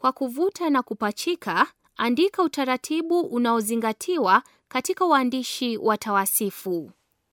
Kwa kuvuta na kupachika, andika utaratibu unaozingatiwa katika uandishi wa tawasifu.